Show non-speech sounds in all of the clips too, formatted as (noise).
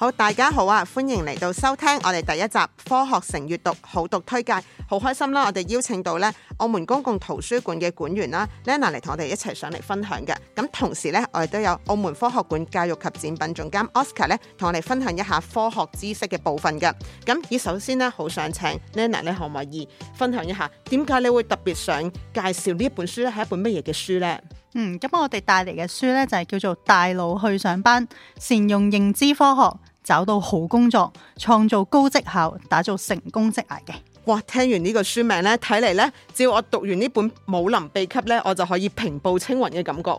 好，大家好啊！歡迎嚟到收聽我哋第一集《科學城閱讀好讀推介》，好開心啦！我哋邀請到咧澳門公共圖書館嘅館員啦 Lana 嚟同我哋一齊上嚟分享嘅。咁同時咧，我哋都有澳門科學館教育及展品總監 Oscar 咧，同我哋分享一下科學知識嘅部分嘅。咁以首先咧，好想請 Lana 你可唔可以分享一下，點解你會特別想介紹呢一本書咧？係一本乜嘢嘅書呢？嗯，咁我哋帶嚟嘅書咧就係叫做《帶腦去上班：善用認知科學》。找到好工作，創造高績效，打造成功職涯嘅。哇！聽完呢個書名咧，睇嚟咧，只要我讀完呢本《武林秘笈》咧，我就可以平步青雲嘅感覺。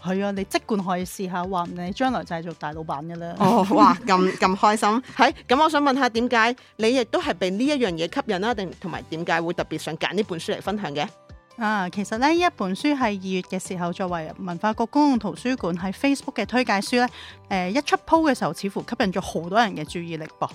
係啊，你即管可以試下，話唔定將來就係做大老闆嘅啦。哦，哇，咁咁開心。係、 (laughs) 哎，咁我想問下，點解你亦都係被呢一樣嘢吸引啦？定同埋點解會特別想揀呢本書嚟分享嘅？啊，其實呢一本書喺二月嘅時候，作為文化局公共圖書館喺 Facebook 嘅推介書呢，誒、呃、一出鋪嘅時候，似乎吸引咗好多人嘅注意力噃。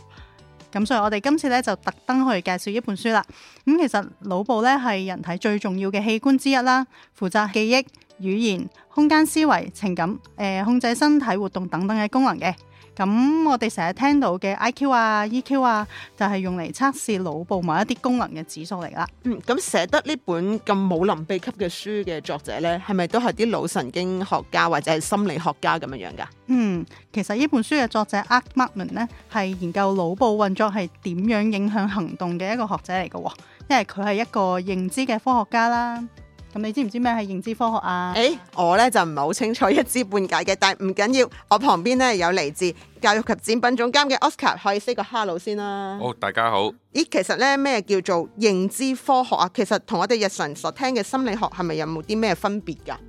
咁所以，我哋今次呢，就特登去介紹呢本書啦。咁、嗯、其實腦部呢，係人體最重要嘅器官之一啦，負責記憶、語言、空間思維、情感、誒、呃、控制身體活動等等嘅功能嘅，咁我哋成日聽到嘅 I.Q. 啊、E.Q. 啊，就係、是、用嚟測試腦部某一啲功能嘅指數嚟啦。嗯，咁寫得呢本咁武林秘笈嘅書嘅作者呢，係咪都係啲腦神經學家或者係心理學家咁樣樣噶？嗯，其實呢本書嘅作者 Art Markman 咧，係研究腦部運作係點樣影響行動嘅一個學者嚟嘅，因為佢係一個認知嘅科學家啦。咁你知唔知咩係認知科學啊？誒、欸，我咧就唔係好清楚一知半解嘅，但係唔緊要，我旁邊咧有嚟自教育及展品總監嘅 Oscar，可以 say 個 hello 先啦。好、哦，大家好。咦，其實咧咩叫做認知科學啊？其實同我哋日常所聽嘅心理學係咪有冇啲咩分別噶？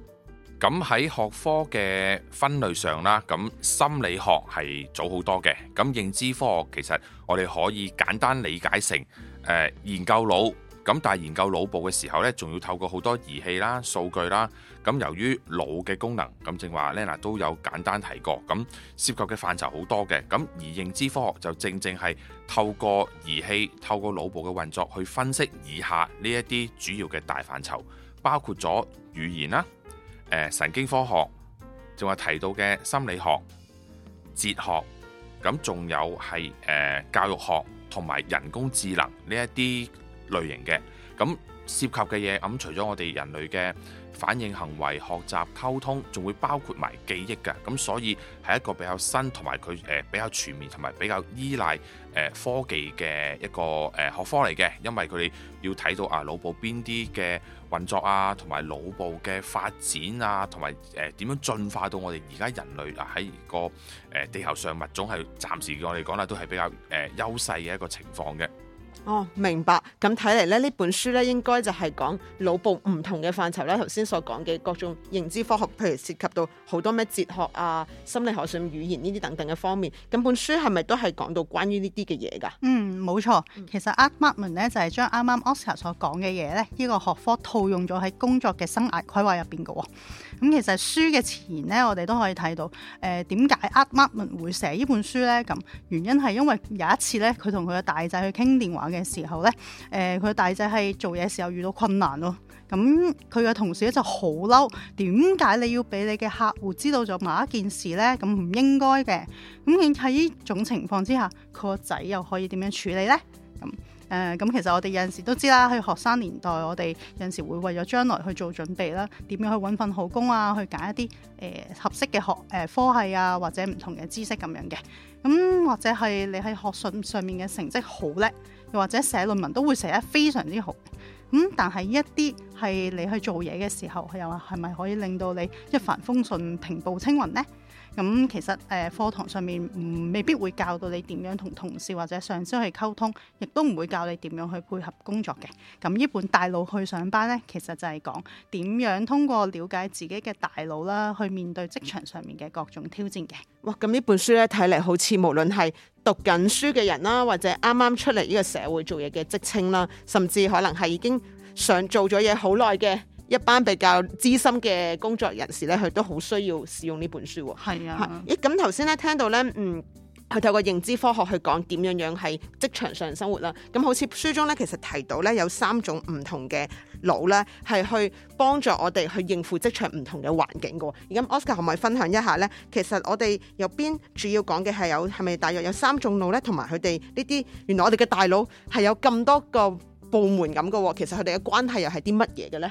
咁喺學科嘅分類上啦，咁心理學係早好多嘅，咁認知科學其實我哋可以簡單理解成誒、呃、研究腦。咁但係研究腦部嘅時候呢，仲要透過好多儀器啦、數據啦。咁由於腦嘅功能咁，正話 Lenna 都有簡單提過。咁涉及嘅範疇好多嘅。咁而認知科學就正正係透過儀器、透過腦部嘅運作去分析以下呢一啲主要嘅大範疇，包括咗語言啦、神經科學，正話提到嘅心理學、哲學，咁仲有係誒教育學同埋人工智能呢一啲類型嘅咁涉及嘅嘢，咁除咗我哋人類嘅反應、行為、學習、溝通，仲會包括埋記憶㗎。咁所以係一個比較新同埋佢誒比較全面同埋比較依賴誒科技嘅一個誒學科嚟嘅，因為佢哋要睇到啊腦部邊啲嘅運作啊，同埋腦部嘅發展啊，同埋誒點樣進化到我哋而家人類啊喺個誒地球上物種係暫時我哋講啦都係比較誒優勢嘅一個情況嘅。哦，明白。咁睇嚟咧，呢本書咧應該就係講腦部唔同嘅範疇咧。頭先所講嘅各種認知科學，譬如涉及到好多咩哲學啊、心理學、甚至語言呢啲等等嘅方面。咁本書係咪都係講到關於呢啲嘅嘢噶？嗯，冇錯。嗯、其實 Art Markman 咧就係、是、將啱啱 Oscar 所講嘅嘢咧，呢、這個學科套用咗喺工作嘅生涯規劃入邊嘅喎。咁、嗯、其實書嘅前咧，我哋都可以睇到，誒、呃、點解 Art Markman 會寫呢本書咧？咁原因係因為有一次咧，佢同佢嘅大仔去傾電話。嘅時候呢，誒、呃，佢大仔係做嘢時候遇到困難咯，咁佢嘅同事就好嬲，點解你要俾你嘅客戶知道咗某一件事呢？咁唔應該嘅，咁喺呢種情況之下，佢個仔又可以點樣處理呢？誒咁、呃，其實我哋有陣時都知啦。去學生年代，我哋有陣時會為咗將來去做準備啦，點樣去揾份好工啊？去揀一啲誒、呃、合適嘅學誒、呃、科系啊，或者唔同嘅知識咁樣嘅。咁、嗯、或者係你喺學術上面嘅成績好叻，又或者寫論文都會寫得非常之好。咁、嗯、但係一啲係你去做嘢嘅時候，又話「係咪可以令到你一帆風順、平步青雲呢？」咁其實誒課堂上面唔未必會教到你點樣同同事或者上司去溝通，亦都唔會教你點樣去配合工作嘅。咁呢本帶腦去上班呢，其實就係講點樣通過了解自己嘅大腦啦，去面對職場上面嘅各種挑戰嘅。哇！咁呢本書呢，睇嚟好似無論係讀緊書嘅人啦，或者啱啱出嚟呢個社會做嘢嘅職青啦，甚至可能係已經上做咗嘢好耐嘅。一班比較資深嘅工作人士咧，佢都好需要使用呢本書。係啊，咦、嗯？咁頭先咧聽到咧，嗯，佢透過認知科學去講點樣樣喺職場上生活啦。咁好似書中咧，其實提到咧有三種唔同嘅腦咧，係去幫助我哋去應付職場唔同嘅環境嘅。而家 Oscar 可唔可以分享一下咧？其實我哋右邊主要講嘅係有係咪大約有三種腦咧，同埋佢哋？呢啲，原來我哋嘅大腦係有咁多個部門咁嘅，其實佢哋嘅關係又係啲乜嘢嘅咧？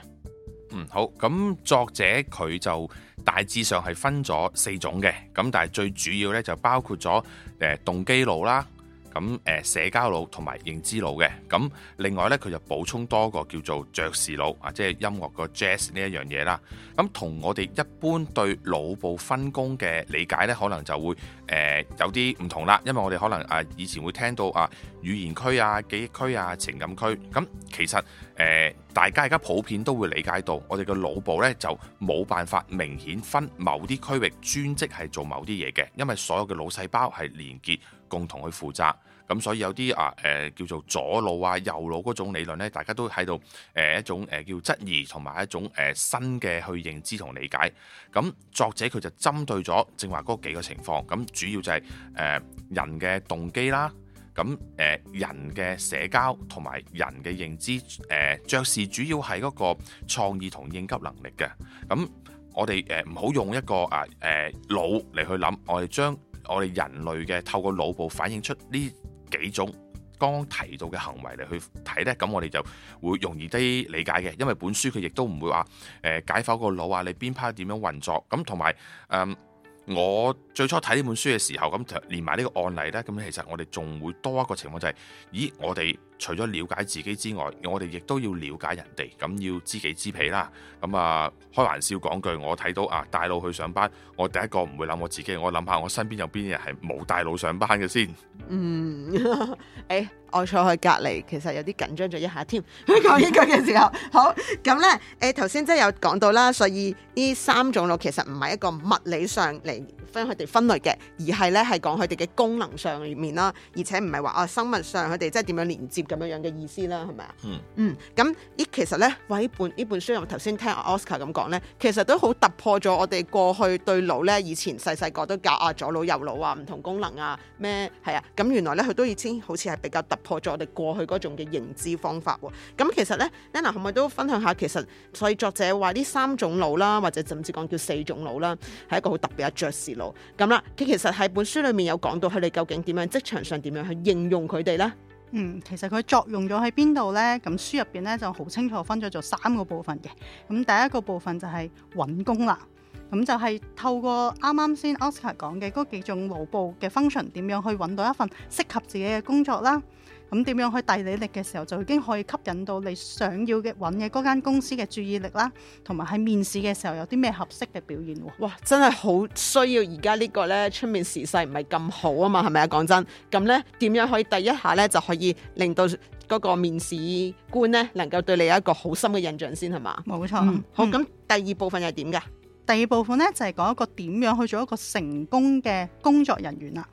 嗯，好。咁作者佢就大致上係分咗四種嘅，咁但係最主要呢就包括咗誒動機腦啦，咁誒社交腦同埋認知腦嘅。咁另外呢，佢就補充多個叫做爵士腦啊，即係音樂個 jazz 呢一樣嘢啦。咁同我哋一般對腦部分工嘅理解呢，可能就會誒、呃、有啲唔同啦。因為我哋可能啊以前會聽到啊語言區啊記憶區啊情感區，咁其實誒。呃大家而家普遍都會理解到，我哋嘅腦部呢就冇辦法明顯分某啲區域專職係做某啲嘢嘅，因為所有嘅腦細胞係連結共同去負責。咁所以有啲啊誒叫做左腦啊右腦嗰種理論呢，大家都喺度誒一種誒、呃、叫質疑同埋一種誒、呃、新嘅去認知同理解。咁作者佢就針對咗正話嗰幾個情況，咁主要就係、是、誒、呃、人嘅動機啦。咁誒、呃、人嘅社交同埋人嘅認知誒著視主要係嗰個創意同應急能力嘅。咁、嗯、我哋誒唔好用一個啊誒腦嚟去諗，我哋將我哋人類嘅透過腦部反映出呢幾種剛剛提到嘅行為嚟去睇呢，咁、嗯、我哋就會容易啲理解嘅。因為本書佢亦都唔會話誒、呃、解剖個腦啊，你邊 part 點樣運作咁，同埋誒。嗯我最初睇呢本書嘅時候，咁連埋呢個案例呢，咁其實我哋仲會多一個情況就係，咦，我哋。除咗了，了解自己之外，我哋亦都要了解人哋，咁要知己知彼啦。咁、嗯、啊，開玩笑講句，我睇到啊，帶腦去上班，我第一個唔會諗我自己，我諗下我身邊有邊啲人係冇帶腦上班嘅先。嗯，誒、哎，我坐去隔離，其實有啲緊張咗一下添。講講呢句嘅時候，好咁呢，誒、哎，頭先即係有講到啦，所以呢三種腦，其實唔係一個物理上嚟。分佢哋分類嘅，而係咧係講佢哋嘅功能上面啦，而且唔係話啊生物上佢哋即係點樣連接咁樣樣嘅意思啦，係咪啊？嗯、hmm. 嗯，咁依其實咧，喂，依本呢本書入面頭先聽 Oscar 咁講咧，其實都好突破咗我哋過去對腦咧，以前細細個都教左老老啊左腦右腦啊唔同功能啊咩係啊，咁原來咧佢都已經好似係比較突破咗我哋過去嗰種嘅認知方法喎、啊。咁、嗯、其實咧 Nana 可唔可以都分享下其實，所以作者話呢三種腦啦，或者甚至講叫四種腦啦，係一個好特別嘅爵士。咁啦，佢其實喺本書裏面有講到佢哋究竟點樣職場上點樣去應用佢哋咧？嗯，其實佢作用咗喺邊度呢？咁書入邊咧就好清楚分咗做三個部分嘅。咁第一個部分就係揾工啦，咁就係透過啱啱先 Oscar 講嘅嗰幾種腦部嘅 function 點樣去揾到一份適合自己嘅工作啦。咁點樣去帶你力嘅時候，就已經可以吸引到你想要嘅揾嘅嗰間公司嘅注意力啦，同埋喺面試嘅時候有啲咩合適嘅表現喎？哇！真係好需要。而家呢個呢，出面時勢唔係咁好啊嘛，係咪啊？講真，咁呢，點樣可以第一下呢，就可以令到嗰個面試官呢，能夠對你有一個好深嘅印象先係嘛？冇錯。嗯、好，咁第二部分係點嘅？第二部分呢，就係講一個點樣去做一個成功嘅工作人員啦。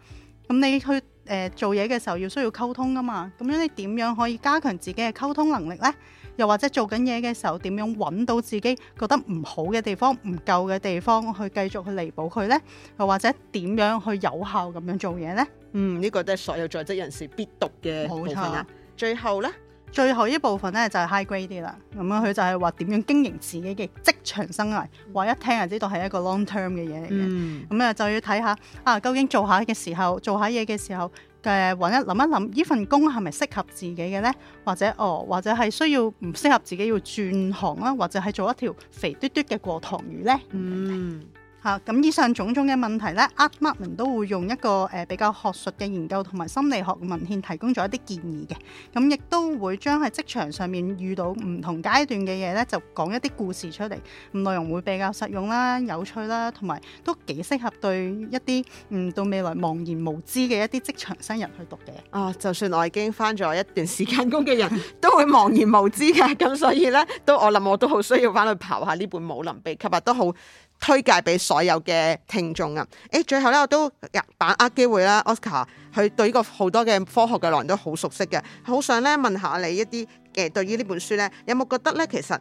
咁你去。呃、做嘢嘅時候要需要溝通㗎嘛，咁樣你點樣可以加強自己嘅溝通能力呢？又或者做緊嘢嘅時候點樣揾到自己覺得唔好嘅地方，唔夠嘅地方去繼續去彌補佢呢？又或者點樣去有效咁樣做嘢呢？嗯，呢個都係所有在職人士必讀嘅部分啦。冇錯啊、最後呢。最後呢部分咧就係 high grade 啲啦，咁啊佢就係話點樣經營自己嘅職場生涯，話一聽就知道係一個 long term 嘅嘢嚟嘅，咁啊、嗯嗯、就要睇下啊究竟做下嘅時候，做下嘢嘅時候嘅揾一諗一諗，呢份工係咪適合自己嘅呢？或者哦，或者係需要唔適合自己要轉行啦，或者係做一條肥嘟嘟嘅過塘魚呢？嗯。嗯。啊！咁以上種種嘅問題咧，阿 Markman 都會用一個誒、呃、比較學術嘅研究同埋心理學文獻提供咗一啲建議嘅。咁、嗯、亦都會將喺職場上面遇到唔同階段嘅嘢咧，就講一啲故事出嚟、嗯。內容會比較實用啦、有趣啦，同埋都幾適合對一啲嗯到未來茫然無知嘅一啲職場新人去讀嘅。啊！就算我已經返咗一段時間工嘅人 (laughs) 都會茫然無知嘅，咁所以咧都我諗我都好需要返去刨下呢本《武林秘笈》啊，都好～推介俾所有嘅聽眾啊！誒、欸，最後咧我都把握機會啦，Oscar，佢對呢個好多嘅科學嘅內容都好熟悉嘅，好想咧問下你一啲誒、呃，對於呢本書咧，有冇覺得咧，其實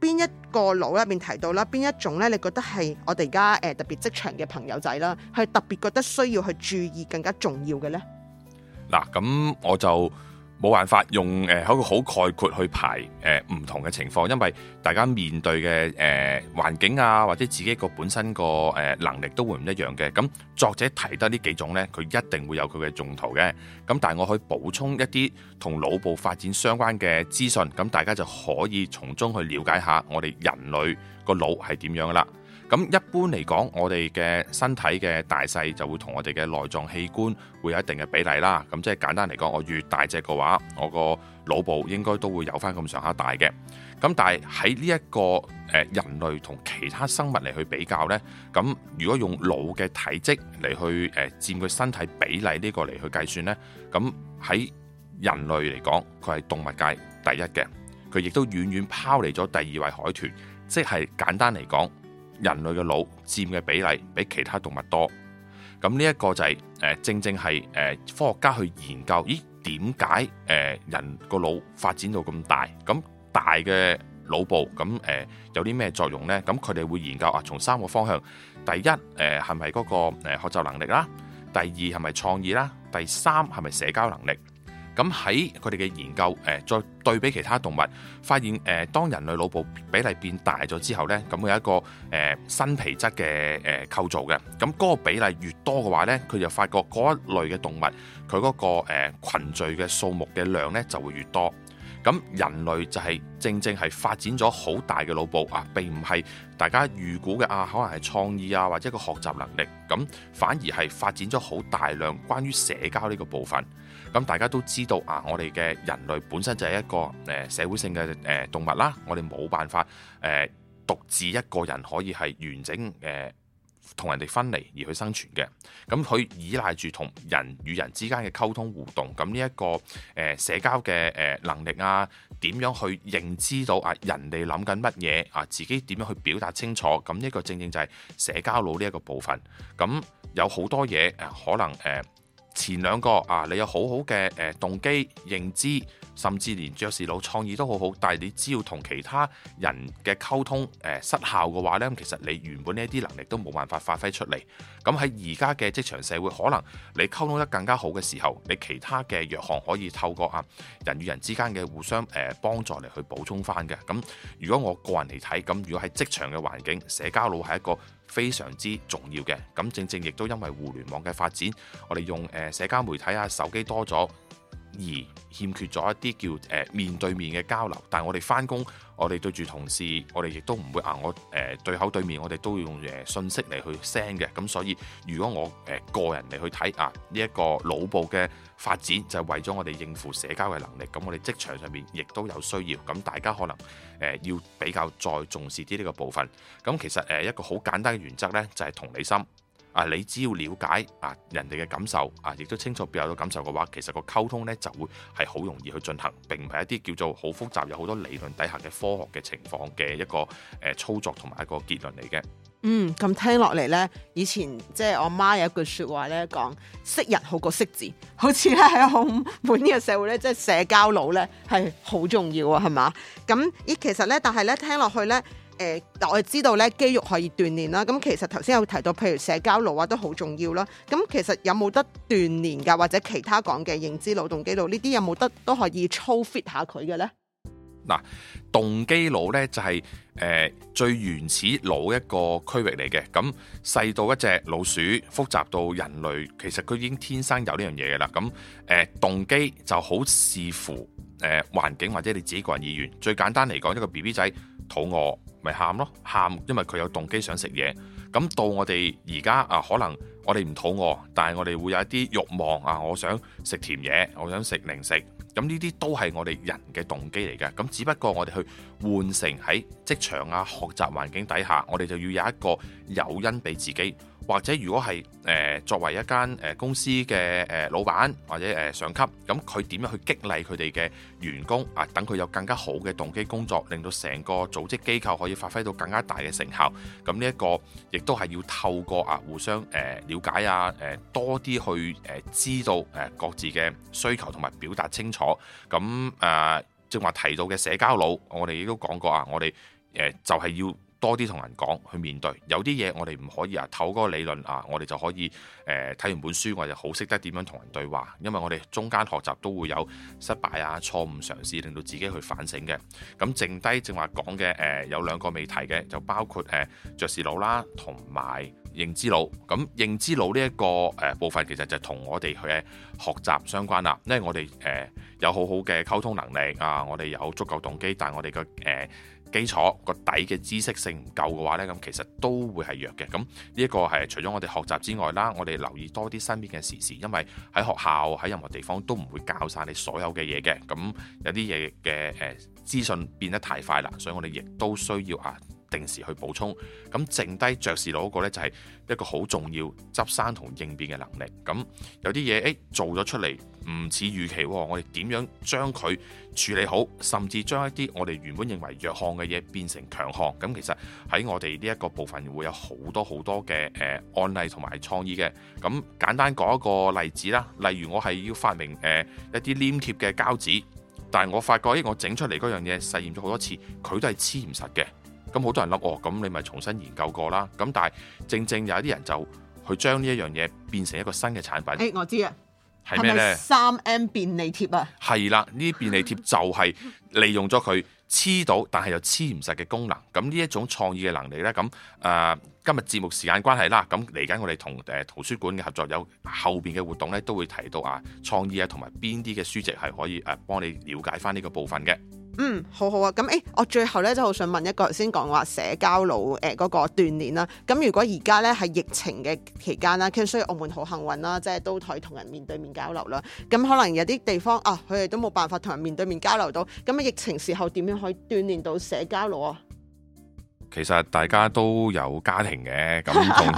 邊一個腦入面提到啦，邊一種咧，你覺得係我哋而家誒特別職場嘅朋友仔啦，係特別覺得需要去注意更加重要嘅咧？嗱，咁我就冇辦法用誒，一個好概括去排誒唔、呃、同嘅情況，因為大家面對嘅誒環境啊，或者自己個本身個誒、呃、能力都會唔一樣嘅。咁、嗯、作者提得呢幾種呢，佢一定會有佢嘅用途嘅。咁、嗯、但係我可以補充一啲同腦部發展相關嘅資訊，咁、嗯、大家就可以從中去了解下我哋人類個腦係點樣㗎喇。咁一般嚟講，我哋嘅身體嘅大細就會同我哋嘅內臟器官會有一定嘅比例啦。咁即係簡單嚟講，我越大隻嘅話，我個腦部應該都會有翻咁上下大嘅。咁但係喺呢一個誒人類同其他生物嚟去比較呢，咁如果用腦嘅體積嚟去誒佔佢身體比例呢個嚟去計算呢，咁喺人類嚟講，佢係動物界第一嘅，佢亦都遠遠拋離咗第二位海豚，即係簡單嚟講。人類嘅腦佔嘅比例比其他動物多，咁呢一個就係、是、誒正正係誒科學家去研究，咦點解誒人個腦發展到咁大？咁大嘅腦部咁誒有啲咩作用呢？咁佢哋會研究啊，從三個方向：第一誒係咪嗰個誒學習能力啦？第二係咪創意啦？第三係咪社交能力？咁喺佢哋嘅研究，誒再對比其他動物，發現誒當人類腦部比例變大咗之後呢，咁佢有一個誒、呃、新皮質嘅誒構造嘅。咁、那、嗰個比例越多嘅話呢，佢就發覺嗰一類嘅動物，佢嗰個群聚嘅數目嘅量呢就會越多。咁人類就係正正係發展咗好大嘅腦部啊，並唔係大家預估嘅啊，可能係創意啊或者個學習能力，咁反而係發展咗好大量關於社交呢個部分。咁大家都知道啊，我哋嘅人類本身就係一個誒社會性嘅誒動物啦。我哋冇辦法誒、啊、獨自一個人可以係完整誒同、啊、人哋分離而去生存嘅。咁、啊、佢依賴住同人與人之間嘅溝通互動。咁呢一個誒、啊、社交嘅誒能力啊，點樣去認知到啊人哋諗緊乜嘢啊自己點樣去表達清楚？咁、啊、呢、這個正正就係社交腦呢一個部分。咁、啊嗯、有好多嘢誒、啊、可能誒。啊前兩個啊，你有好好嘅誒動機、認知，甚至連爵士佬創意都好好，但係你只要同其他人嘅溝通誒失效嘅話呢，其實你原本呢啲能力都冇辦法發揮出嚟。咁喺而家嘅職場社會，可能你溝通得更加好嘅時候，你其他嘅弱項可以透過啊人與人之間嘅互相誒幫助嚟去補充翻嘅。咁如果我個人嚟睇，咁如果喺職場嘅環境，社交腦係一個非常之重要嘅，咁正正亦都因為互聯網嘅發展，我哋用誒社交媒體啊手機多咗。而欠缺咗一啲叫誒面對面嘅交流，但係我哋翻工，我哋對住同事，我哋亦都唔會啊！我誒對口對面，我哋都要用誒信息嚟去 send 嘅。咁所以，如果我誒個人嚟去睇啊呢一個腦部嘅發展，就係為咗我哋應付社交嘅能力。咁我哋職場上面亦都有需要。咁大家可能誒要比較再重視啲呢個部分。咁其實誒一個好簡單嘅原則咧，就係同理心。啊！你只要了解啊人哋嘅感受啊，亦都清楚別人都感受嘅話，其實個溝通呢就會係好容易去進行，並唔係一啲叫做好複雜有好多理論底下嘅科學嘅情況嘅一個誒操作同埋一個結論嚟嘅。嗯，咁聽落嚟呢，以前即係我媽有一句說話呢講識人好過識字，好似咧喺澳門嘅社會呢，即係社交腦呢，係好重要啊，係嘛？咁依其實呢，但係呢，聽落去呢。誒、呃，我係知道咧，肌肉可以鍛煉啦。咁、嗯、其實頭先有提到，譬如社交腦啊，都好重要啦。咁、嗯、其實有冇得鍛煉噶，或者其他講嘅認知腦、動機腦呢啲有冇得都可以操 fit 下佢嘅咧？嗱、呃，動機腦咧就係、是、誒、呃、最原始腦一個區域嚟嘅。咁、嗯、細到一隻老鼠，複雜到人類，其實佢已經天生有呢樣嘢㗎啦。咁、嗯、誒、呃、動機就好視乎。誒、呃、環境或者你自己個人意願最簡單嚟講，一個 BB 仔肚餓咪喊咯，喊，因為佢有動機想食嘢。咁到我哋而家啊，可能我哋唔肚餓，但係我哋會有一啲慾望啊，我想食甜嘢，我想食零食。咁呢啲都係我哋人嘅動機嚟嘅。咁只不過我哋去換成喺職場啊、學習環境底下，我哋就要有一個誘因俾自己。或者如果係誒作為一間誒公司嘅誒老闆或者誒上級，咁佢點樣去激勵佢哋嘅員工啊？等佢有更加好嘅動機工作，令到成個組織機構可以發揮到更加大嘅成效。咁呢一個亦都係要透過啊互相誒瞭解啊誒多啲去誒知道誒各自嘅需求同埋表達清楚。咁誒正話提到嘅社交腦，我哋亦都講過啊，我哋誒就係要。多啲同人講，去面對。有啲嘢我哋唔可以啊，透過個理論啊，我哋就可以誒睇、呃、完本書，我就好識得點樣同人對話，因為我哋中間學習都會有失敗啊、錯誤嘗試，令到自己去反省嘅。咁剩低正話講嘅誒，有兩個未提嘅，就包括誒著視腦啦，同埋認知腦。咁認知腦呢、這、一個誒、呃、部分，其實就同我哋去學習相關啦，因為我哋誒、呃、有好好嘅溝通能力啊，我哋有足夠動機，但係我哋嘅誒。呃呃基礎個底嘅知識性唔夠嘅話呢，咁其實都會係弱嘅。咁呢一個係除咗我哋學習之外啦，我哋留意多啲身邊嘅時事，因為喺學校、喺任何地方都唔會教晒你所有嘅嘢嘅。咁有啲嘢嘅誒資訊變得太快啦，所以我哋亦都需要啊。定時去補充，咁剩低爵士佬嗰個呢，就係一個好重要執生同應變嘅能力。咁、嗯、有啲嘢，誒做咗出嚟唔似預期，哦，我哋點樣將佢處理好，甚至將一啲我哋原本認為弱項嘅嘢變成強項。咁、嗯、其實喺我哋呢一個部分會有好多好多嘅誒、呃、案例同埋創意嘅。咁、嗯、簡單講一個例子啦，例如我係要發明誒、呃、一啲黏貼嘅膠紙，但係我發覺，誒、哎、我整出嚟嗰樣嘢試驗咗好多次，佢都係黐唔實嘅。咁好多人諗哦，咁你咪重新研究過啦。咁但係正正有一啲人就去將呢一樣嘢變成一個新嘅產品。誒、哎，我知啊，係咩咧？三 M 便利貼啊，係啦，呢啲便利貼就係利用咗佢黐到，但係又黐唔實嘅功能。咁呢一種創意嘅能力咧，咁誒、呃、今日節目時間關係啦，咁嚟緊我哋同誒圖書館嘅合作有後邊嘅活動咧，都會提到啊創意啊，同埋邊啲嘅書籍係可以誒、啊、幫你了解翻呢個部分嘅。嗯，好好啊，咁誒、欸，我最後咧就好想問一個，先講話社交腦誒嗰個鍛鍊啦。咁如果而家咧係疫情嘅期間啦，其實所以澳門好幸運啦，即係都可以同人面對面交流啦。咁可能有啲地方啊，佢哋都冇辦法同人面對面交流到。咁、那個、疫情時候點樣可以鍛鍊到社交腦啊？其實大家都有家庭嘅，咁同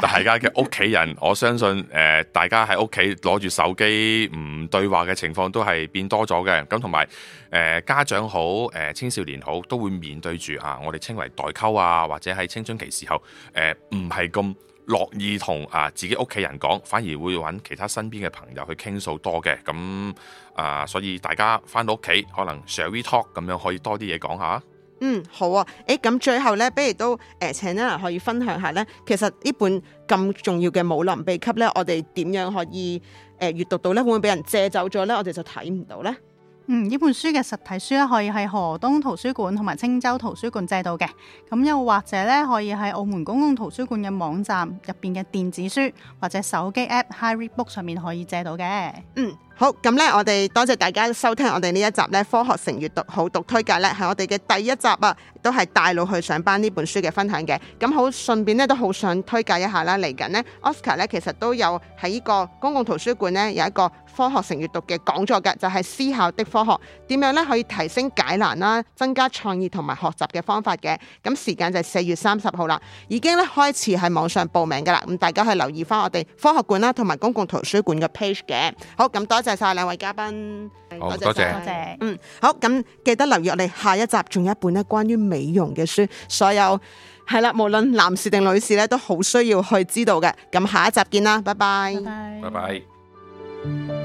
大家嘅屋企人， (laughs) 我相信誒、呃，大家喺屋企攞住手機唔對話嘅情況都係變多咗嘅。咁同埋誒家長好，誒、呃、青少年好，都會面對住啊，我哋稱為代溝啊，或者喺青春期時候，誒唔係咁樂意同啊自己屋企人講，反而會揾其他身邊嘅朋友去傾訴多嘅。咁啊、呃，所以大家返到屋企，可能 Shall We Talk 咁樣可以多啲嘢講下。嗯，好啊、哦，誒咁最後咧，不如都誒、呃、請一位可以分享下咧，其實呢本咁重要嘅《武林秘笈》咧，我哋點樣可以誒閱、呃、讀到咧？會唔會俾人借走咗咧？我哋就睇唔到咧？嗯，呢本書嘅實體書咧，可以喺何東圖書館同埋青洲圖書館借到嘅，咁又或者咧，可以喺澳門公共圖書館嘅網站入邊嘅電子書或者手機 App HyRead Book 上面可以借到嘅，嗯。好咁咧，我哋多謝大家收聽我哋呢一集咧，科學城閱讀好讀推介咧，係我哋嘅第一集啊，都係帶腦去上班呢本書嘅分享嘅。咁好順便咧，都好想推介一下啦，嚟緊呢 Oscar 咧，其實都有喺呢個公共圖書館呢，有一個科學城閱讀嘅講座嘅，就係、是、思考的科學，點樣咧可以提升解難啦，增加創意同埋學習嘅方法嘅。咁時間就係四月三十號啦，已經咧開始喺網上報名噶啦，咁大家係留意翻我哋科學館啦同埋公共圖書館嘅 page 嘅。好，咁多謝。多謝晒晒兩位嘉賓，多謝、oh，多謝，多謝嗯，好，咁記得留意我哋下一集，仲有一本咧關於美容嘅書，所有係啦，無論男士定女士咧，都好需要去知道嘅。咁下一集見啦，拜拜，拜拜，拜拜。